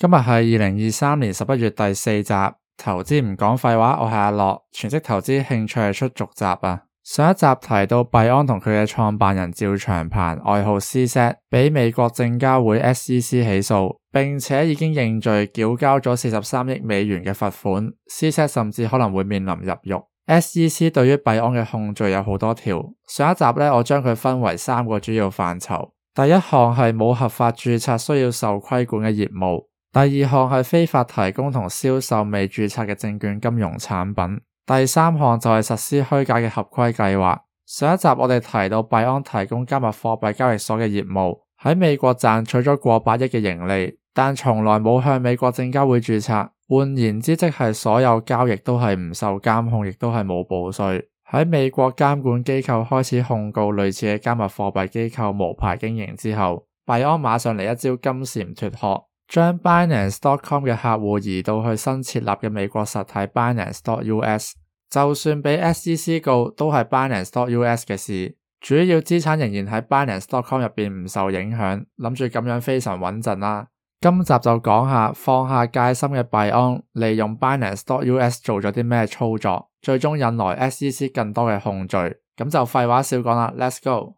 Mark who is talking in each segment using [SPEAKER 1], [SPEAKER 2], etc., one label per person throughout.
[SPEAKER 1] 今日係二零二三年十一月第四集，投資唔講廢話，我係阿樂，全職投資興趣出續集啊！上一集提到幣安同佢嘅創辦人趙長鵬，外號 CZ，畀美國證監會 SEC 起訴，並且已經認罪，繳交咗四十三億美元嘅罰款，CZ 甚至可能會面臨入獄。SEC 對於幣安嘅控罪有好多條，上一集呢，我將佢分為三個主要範疇，第一項係冇合法註冊需要受規管嘅業務。第二項係非法提供同銷售未注冊嘅證券金融產品。第三項就係實施虛假嘅合規計劃。上一集我哋提到，幣安提供加密貨幣交易所嘅業務，喺美國賺取咗過百億嘅盈利，但從來冇向美國證交會注冊。換言之，即係所有交易都係唔受監控，亦都係冇報稅。喺美國監管機構開始控告類似嘅加密貨幣機構無牌經營之後，幣安馬上嚟一招金蟬脫殼。將 Binance.com 嘅客戶移到去新設立嘅美國實體 Binance.US，就算俾 SEC 告都係 Binance.US 嘅事，主要資產仍然喺 Binance.com 入面唔受影響，諗住咁樣非常穩陣啦。今集就講下放下戒心嘅幣安，利用 Binance.US 做咗啲咩操作，最終引來 SEC 更多嘅控罪，咁就廢話少講啦，Let's go。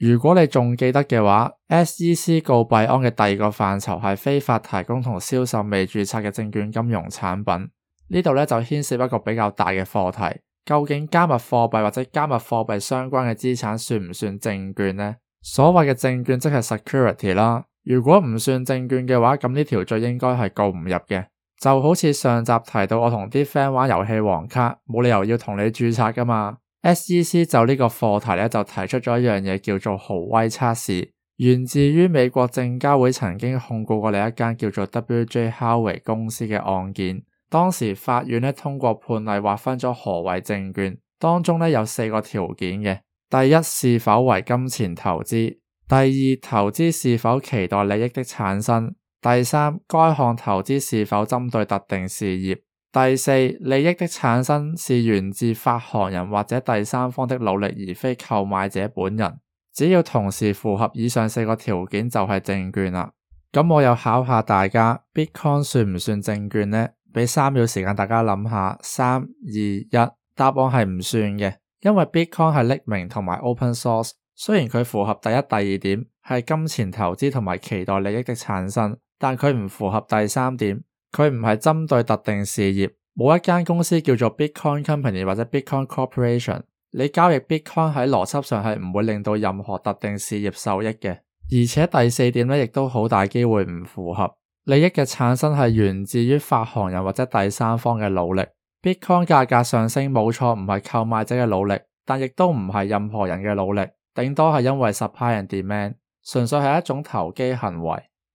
[SPEAKER 1] 如果你仲記得嘅話，SEC 告幣安嘅第二個範疇係非法提供同銷售未註冊嘅證券金融產品。呢度咧，就牽涉一個比較大嘅課題，究竟加密貨幣或者加密貨幣相關嘅資產算唔算證券呢？所謂嘅證券即係 security 啦。如果唔算證券嘅話，咁呢條罪應該係告唔入嘅。就好似上集提到，我同啲 friend 玩遊戲王卡冇理由要同你註冊噶嘛。S.E.C 就呢個課題呢，就提出咗一樣嘢，叫做豪威測試，源自於美國證交會曾經控告過另一間叫做 W.J. Howey 公司嘅案件。當時法院呢，通過判例劃分咗何為證券，當中呢有四個條件嘅：第一，是否為金錢投資；第二，投資是否期待利益的產生；第三，該項投資是否針對特定事業。第四，利益的產生是源自發行人或者第三方的努力，而非購買者本人。只要同時符合以上四個條件，就係證券啦。咁我又考下大家，Bitcoin 算唔算證券呢？俾三秒時間大家諗下，三二一，答案係唔算嘅，因為 Bitcoin 係匿名同埋 open source。雖然佢符合第一、第二點，係金錢投資同埋期待利益的產生，但佢唔符合第三點。佢唔係針對特定事業，冇一間公司叫做 Bitcoin Company 或者 Bitcoin Corporation。你交易 Bitcoin 喺邏輯上係唔會令到任何特定事業受益嘅。而且第四點咧，亦都好大機會唔符合，利益嘅產生係源自於發行人或者第三方嘅努力。Bitcoin 價格上升冇錯，唔係購買者嘅努力，但亦都唔係任何人嘅努力，頂多係因為 supply and demand，純粹係一種投機行為，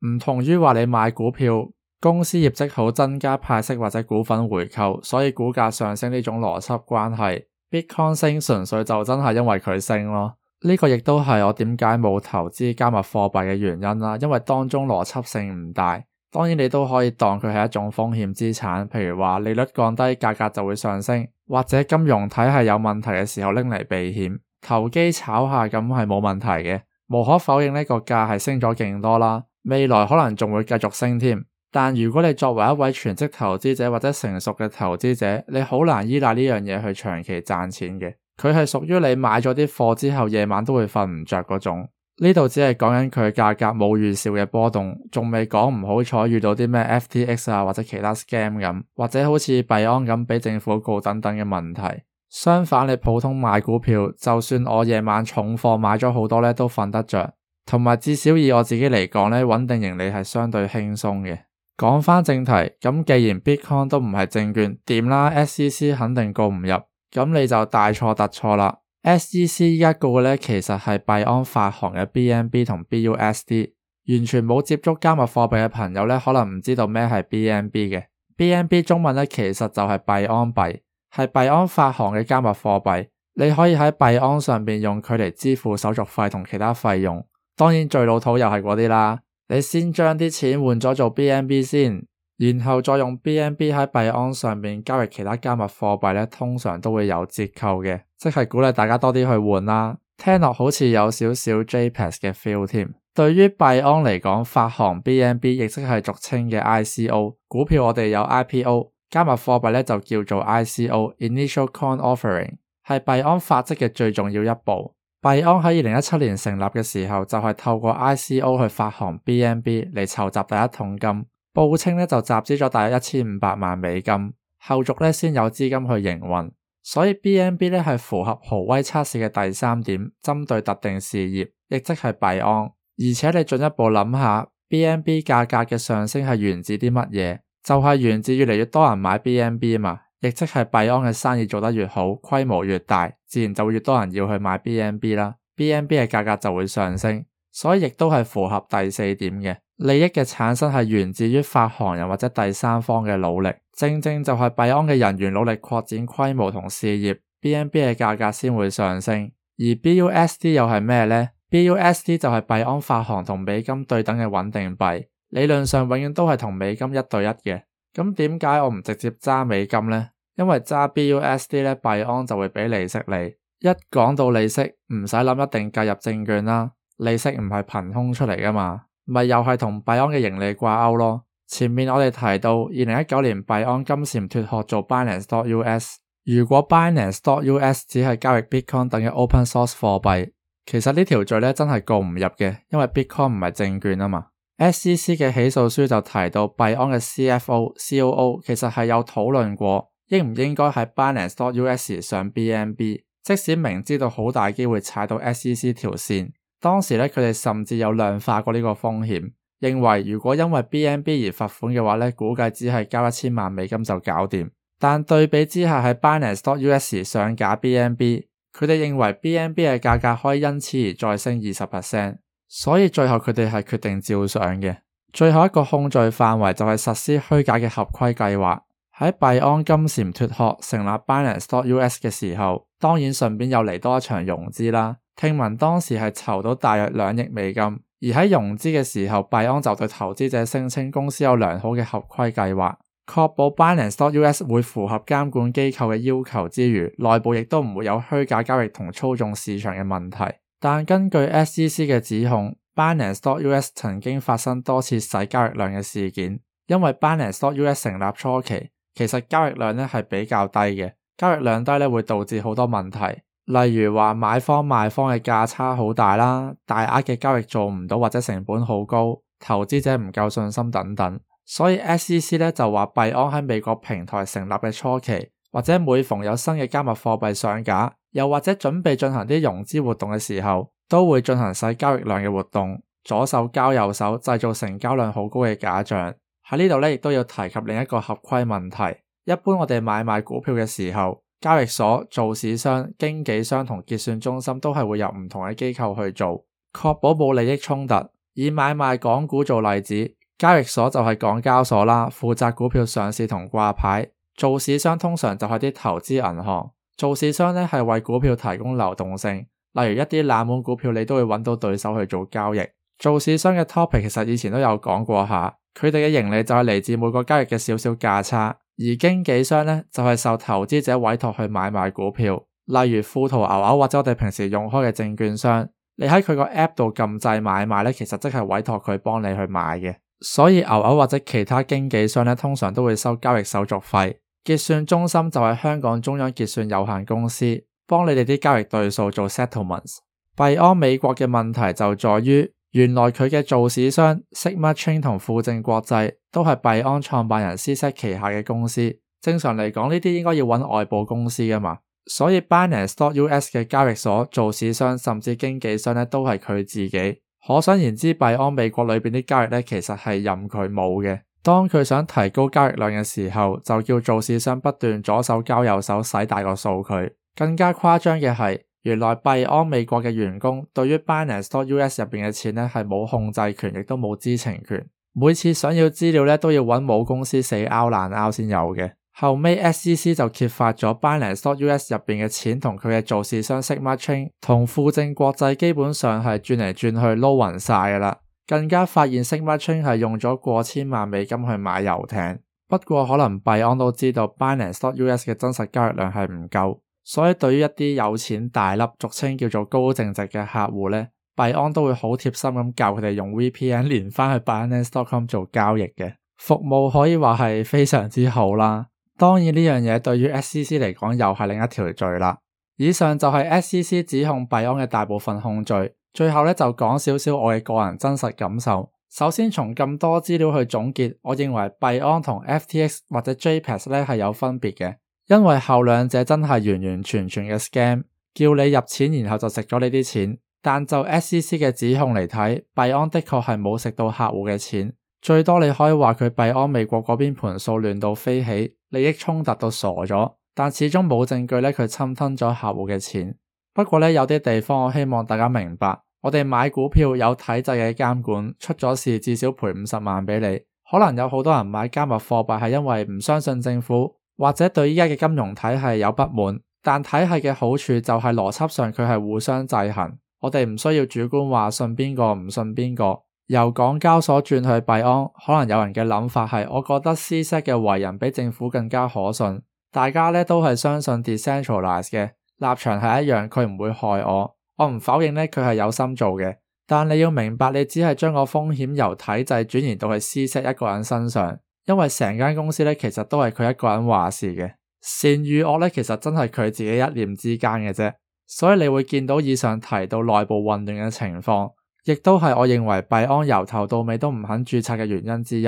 [SPEAKER 1] 唔同於話你買股票。公司業績好，增加派息或者股份回購，所以股價上升呢種邏輯關係。Bitcoin 升純粹就真係因為佢升咯，呢、這個亦都係我點解冇投資加密貨幣嘅原因啦、啊。因為當中邏輯性唔大。當然你都可以當佢係一種風險資產，譬如話利率降低，價格就會上升，或者金融體系有問題嘅時候拎嚟避險、投機炒下咁係冇問題嘅。無可否認呢個價係升咗勁多啦，未來可能仲會繼續升添。但如果你作為一位全職投資者或者成熟嘅投資者，你好難依賴呢樣嘢去長期賺錢嘅。佢係屬於你買咗啲貨之後，夜晚都會瞓唔着嗰種。呢度只係講緊佢價格冇預兆嘅波動，仲未講唔好彩遇到啲咩 FTX 啊或者其他 scam 咁，或者好似幣安咁俾政府告等等嘅問題。相反，你普通買股票，就算我夜晚重貨買咗好多呢，都瞓得着。同埋至少以我自己嚟講呢，穩定盈利係相對輕鬆嘅。講返正題，咁既然 Bitcoin 都唔係證券，點啦？SEC 肯定告唔入，咁你就大錯特錯啦。SEC 而家告嘅咧，其實係幣安發行嘅 BNB 同 BUSD，完全冇接觸加密貨幣嘅朋友咧，可能唔知道咩係 BNB 嘅。BNB 中文咧，其實就係幣安幣，係幣安發行嘅加密貨幣。你可以喺幣安上面用佢嚟支付手續費同其他費用，當然最老土又係嗰啲啦。你先將啲錢換咗做 BNB 先，然後再用 BNB 喺幣安上面交易其他加密貨幣咧，通常都會有折扣嘅，即係鼓勵大家多啲去換啦。聽落好似有少少 JPEX 嘅 feel 添。對於幣安嚟講，發行 BNB 亦即係俗稱嘅 ICO。股票我哋有 IPO，加密貨幣咧就叫做 ICO Initial Coin Offering，係幣安發跡嘅最重要一步。幣安喺二零一七年成立嘅時候就係透過 ICO 去發行 BNB 嚟籌集第一桶金，報稱咧就集資咗大約一千五百萬美金，後續咧先有資金去營運，所以 BNB 咧係符合豪威測試嘅第三點，針對特定事業，亦即係幣安。而且你進一步諗下，BNB 價格嘅上升係源自啲乜嘢？就係、是、源自越嚟越多人買 BNB 嘛。亦即係幣安嘅生意做得越好，規模越大，自然就越多人要去買 BNB 啦，BNB 嘅價格就會上升，所以亦都係符合第四點嘅。利益嘅產生係源自於發行人或者第三方嘅努力，正正就係幣安嘅人員努力擴展規模同事業，BNB 嘅價格先會上升。而 BUSD 又係咩呢？BUSD 就係幣安發行同美金對等嘅穩定幣，理論上永遠都係同美金一對一嘅。咁點解我唔直接揸美金呢？因為揸 BUSD 咧，幣安就會俾利息你，一講到利息唔使諗，一定計入證券啦，利息唔係憑空出嚟噶嘛，咪又係同幣安嘅盈利掛鈎咯。前面我哋提到二零一九年幣安金蟬脫殼做 Binance.US，如果 Binance.US 只係交易 Bitcoin 等嘅 Open Source 貨幣，其實呢條罪咧，真係告唔入嘅，因為 Bitcoin 唔係證券啊嘛。SEC 嘅起訴書就提到幣安嘅 CFO、COO 其實係有討論過。應唔應該喺 Binance.US 上 BNB？即使明知道好大機會踩到 SEC 條線，當時咧佢哋甚至有量化過呢個風險，認為如果因為 BNB 而罰款嘅話咧，估計只係交一千萬美金就搞掂。但對比之下喺 Binance.US 上架 BNB，佢哋認為 BNB 嘅價格可以因此而再升二十 percent，所以最後佢哋係決定照上嘅。最後一個控罪範圍就係實施虛假嘅合規計劃。喺幣安金蟬脫殼成立 Binance.US 嘅時候，當然順便又嚟多一場融資啦。聽聞當時係籌到大約兩億美金，而喺融資嘅時候，幣安就對投資者聲稱公司有良好嘅合規計劃，確保 Binance.US 會符合監管機構嘅要求之餘，內部亦都唔會有虛假交易同操縱市場嘅問題。但根據 SEC 嘅指控，Binance.US 曾經發生多次洗交易量嘅事件，因為 Binance.US 成立初期。其實交易量咧係比較低嘅，交易量低咧會導致好多問題，例如話買方賣方嘅價差好大啦，大額嘅交易做唔到或者成本好高，投資者唔夠信心等等。所以 SEC 就話幣安喺美國平台成立嘅初期，或者每逢有新嘅加密貨幣上架，又或者準備進行啲融資活動嘅時候，都會進行洗交易量嘅活動，左手交右手製造成交量好高嘅假象。喺呢度呢，亦都要提及另一個合規問題。一般我哋買賣股票嘅時候，交易所、做市商、經紀商同結算中心都係會由唔同嘅機構去做，確保冇利益衝突。以買賣港股做例子，交易所就係港交所啦，負責股票上市同掛牌。做市商通常就係啲投資銀行，做市商呢係為股票提供流動性。例如一啲冷門股票，你都會揾到對手去做交易。做市商嘅 topic 其實以前都有講過下。佢哋嘅盈利就係嚟自每個交易嘅少少價差，而經紀商呢，就係、是、受投資者委託去買賣股票，例如富途牛牛或者我哋平時用開嘅證券商，你喺佢個 app 度撳掣買賣呢，其實即係委託佢幫你去買嘅。所以牛牛或者其他經紀商呢，通常都會收交易手續費。結算中心就係香港中央結算有限公司，幫你哋啲交易對數做 settlements。幣安美國嘅問題就在於。原來佢嘅造市商 Sigma Chain 同富正國際都係幣安創辦人 CZ 旗下嘅公司。正常嚟講，呢啲應該要揾外部公司噶嘛。所以 Binance.US 嘅交易所、造市商甚至經紀商咧，都係佢自己。可想而知，幣安美國裏邊啲交易咧，其實係任佢冇嘅。當佢想提高交易量嘅時候，就叫造市商不斷左手交右手，使大個數佢。更加誇張嘅係。原來幣安美國嘅員工對於 Binance.US 入邊嘅錢咧，係冇控制權，亦都冇知情權。每次想要資料咧，都要揾母公司死拗爛拗先有嘅。後尾 SEC 就揭發咗 Binance.US 入面嘅錢同佢嘅做市商 Sigma Chain 同富正國際基本上係轉嚟轉去撈暈晒㗎喇。更加發現 Sigma Chain 係用咗過千萬美金去買遊艇。不過可能幣安都知道 Binance.US 嘅真實交易量係唔夠。所以對於一啲有錢大粒，俗稱叫做高淨值嘅客戶呢，幣安都會好貼心咁教佢哋用 VPN 連返去 Binance.com 做交易嘅服務，可以話係非常之好啦。當然呢樣嘢對於 SEC 嚟講又係另一條罪啦。以上就係 SEC 指控幣安嘅大部分控罪。最後呢，就講少少我嘅個人真實感受。首先從咁多資料去總結，我認為幣安同 FTX 或者 JPEX 呢係有分別嘅。因為後兩者真係完完全全嘅 scam，叫你入錢，然後就食咗呢啲錢。但就 S.C.C 嘅指控嚟睇，幣安的確係冇食到客戶嘅錢，最多你可以話佢幣安美國嗰邊盤數亂到飛起，利益衝突到傻咗，但始終冇證據咧佢侵吞咗客戶嘅錢。不過咧，有啲地方我希望大家明白，我哋買股票有體制嘅監管，出咗事至少賠五十萬俾你。可能有好多人買加密貨幣係因為唔相信政府。或者對依家嘅金融體系有不滿，但體系嘅好處就係邏輯上佢係互相制衡，我哋唔需要主觀話信邊個唔信邊個。由港交所轉去幣安，可能有人嘅諗法係，我覺得私 s e 嘅為人比政府更加可信。大家咧都係相信 decentralized 嘅立場係一樣，佢唔會害我。我唔否認呢，佢係有心做嘅，但你要明白，你只係將個風險由體制轉移到去私 s 一個人身上。因為成間公司咧，其實都係佢一個人話事嘅，善與惡咧，其實真係佢自己一念之間嘅啫。所以你會見到以上提到內部混亂嘅情況，亦都係我認為幣安由頭到尾都唔肯註冊嘅原因之一。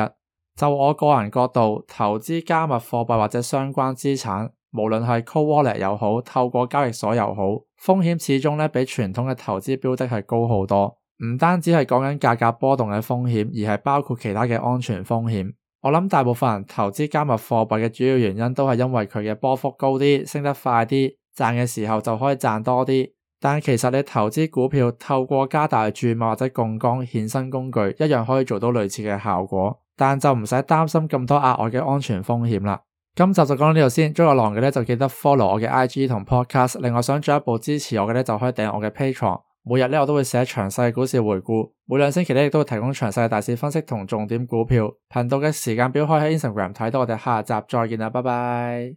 [SPEAKER 1] 就我個人角度，投資加密貨幣或者相關資產，無論係 c o l l l e t 又好，透過交易所又好，風險始終咧比傳統嘅投資標的係高好多。唔單止係講緊價格波動嘅風險，而係包括其他嘅安全風險。我諗大部分人投資加密貨幣嘅主要原因都係因為佢嘅波幅高啲，升得快啲，賺嘅時候就可以賺多啲。但其實你投資股票，透過加大注碼或者槓杆衍生工具，一樣可以做到類似嘅效果，但就唔使擔心咁多額外嘅安全風險啦。今集就講到這裡呢度先，中意我嘅呢就記得 follow 我嘅 IG 同 Podcast，另外想進一步支持我嘅呢就可以訂我嘅 Patreon。每日咧，我都會寫詳細股市回顧，每兩星期咧，亦都會提供詳細嘅大市分析同重點股票。頻道嘅時間表開喺 Instagram 睇到，我哋下集再見啦，拜拜。